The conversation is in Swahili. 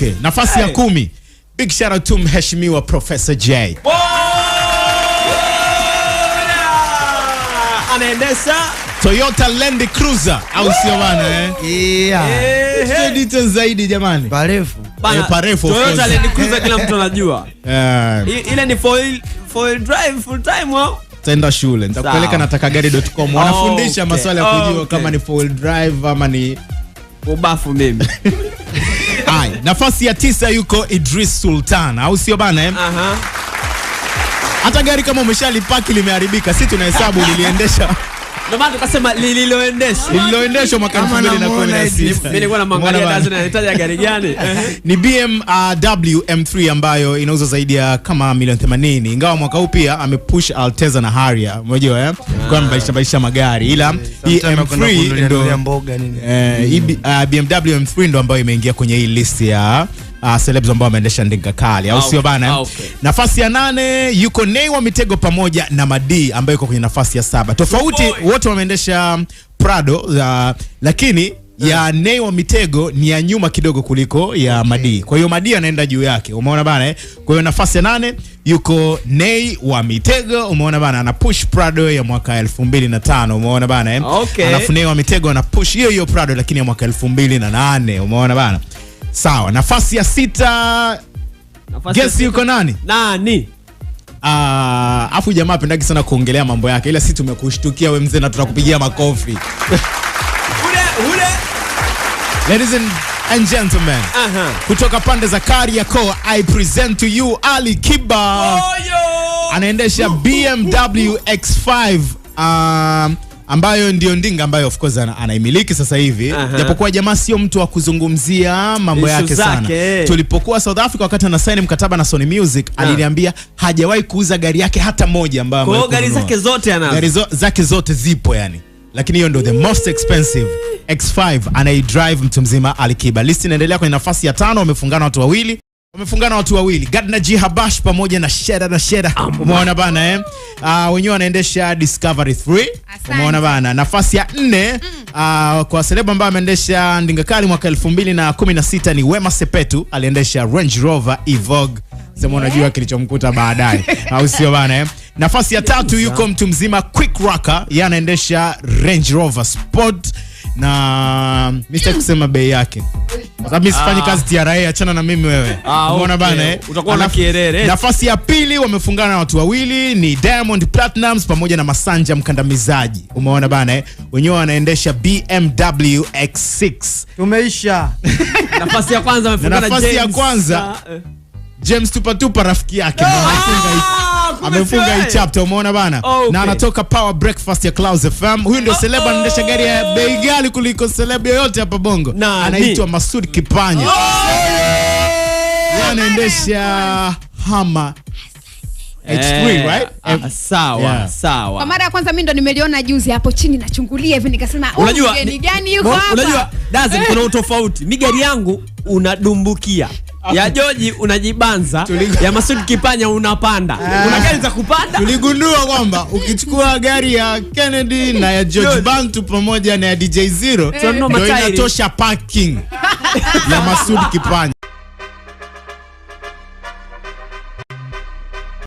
Okay, nafasi hey, ya kumi. Big shout out to Mheshimiwa Professor J. Anaendesha Toyota Land Cruiser au sio bana eh? Yeah. Hey, hey. Details zaidi jamani. Parefu. Bana, parefu. Eh, Toyota Land Cruiser kila mtu anajua. Yeah. Ile ni foil foil drive full time wow. Tenda shule nitakupeleka na takagari.com wanafundisha oh, okay. maswala ya kujua oh, okay. kama ni foil drive ama ni ubafu mimi Haya, nafasi ya tisa yuko Idris Sultan, au sio bana eh? Aha. Hata gari kama umeshalipaki limeharibika, si tunahesabu liliendesha lililoendeshwa ni BMW M3 ambayo inauza zaidi ya kama milioni 80 ingawa mwaka huu pia amepush Alteza na haria unajua eh kwa ambaisha ah. magari ila eh, ndo BMW eh, ah, M3 ambayo imeingia kwenye hii list ya uh, celebs ambao wameendesha ndinga kali au ah, sio bana? Ah, okay. Nafasi ya nane yuko nei wa Mitego pamoja na Madi ambayo yuko kwenye nafasi ya saba. Tofauti wote wameendesha Prado uh, lakini eh. ya nei wa Mitego ni ya nyuma kidogo kuliko ya okay. Madi. Kwa hiyo Madi anaenda juu yake. Umeona bana eh? Kwa hiyo nafasi ya nane yuko nei wa Mitego, umeona bana, ana push Prado ya mwaka 2005, umeona bana eh? Okay. Alafu nei wa Mitego ana push hiyo hiyo Prado lakini ya mwaka 2008, umeona bana? Sawa, nafasi ya sita nafasi gesi yuko nani? Nani? Uh, ah, afu jamaa apendagi sana kuongelea mambo yake, ila sisi tumekushtukia we mzee na tunakupigia makofi ule ule. Ladies and, and gentlemen, uh -huh. kutoka pande za Kariakoo I present to you Ali Kiba. Oh, anaendesha BMW X5 um, ambayo ndio Ndinga ambayo of course anaimiliki sasa hivi japokuwa uh -huh. jamaa sio mtu wa kuzungumzia mambo yake sana. Eh. Tulipokuwa South Africa wakati ana sign mkataba na Sony Music uh ah. -huh. aliniambia hajawahi kuuza gari yake hata moja ambayo kwa gari zake zote anazo. Gari zo, zake zote zipo yani. Lakini hiyo ndio the most expensive X5 drive mtu mzima Alikiba. Listi inaendelea kwenye nafasi ya tano, wamefungana watu wawili wamefungana watu wawili Gadna G Habash pamoja na Shera na Shera, umeona bana eh? Uh, wenyewe wanaendesha Discovery 3 umeona Bana, nafasi ya nne mm. Uh, kwa seleba ambaye ameendesha ndingakali mwaka 2016 ni Wema Sepetu, aliendesha Range Rover Evoque sema unajua yeah. kilichomkuta baadaye au sio bana eh? Nafasi ya tatu yuko mtu mzima Quick Rocker, yeye anaendesha Range Rover Sport na mistaki kusema bei yake sababu sifanyi ah. kazi TRA, achana na mimi wewe. Ah, Umeona bana, eh, utakuwa na kielele. Nafasi ya pili wamefungana na watu wawili ni Diamond Platnumz pamoja na Masanja Mkandamizaji. Umeona bana, eh, wenyewe wanaendesha BMW X6. Tumeisha nafasi ya kwanza wamefungana na nafasi ya kwanza ah, eh. James Tupa Tupa rafiki yake amefunga hii chapter, umeona bana oh, okay. na anatoka Power Breakfast ya Clouds FM. Huyu ndio oh, celeb anaendesha oh. gari ya bei ghali kuliko celeb yoyote hapa Bongo, anaitwa Masud Kipanya. Oh, yeah. anaendesha Hama eh, H3, right? Ah, eh, sawa, sawa. Kwa mara ya kwanza mimi ndo nimeliona juzi hapo chini nachungulia hivi nikasema, unajua ni, gani yuko hapa? Unajua, Dazen, kuna utofauti. Migari yangu unadumbukia Ah. ya Joji unajibanza ya Masud Kipanya unapanda. Kuna eh. gari za kupanda. Tuligundua kwamba ukichukua gari ya Kennedy na ya George Bantu pamoja na ya DJ Zero eh. ndio inatosha parking ya Masud Kipanya.